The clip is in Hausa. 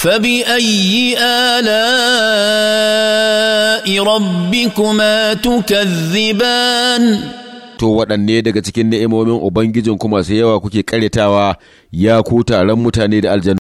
فبأي آلاء ربكما تكذبان to waɗanne daga cikin ni'imomin ubangijin kuma sai yawa kuke ƙaretawa ya ku taron mutane da aljanu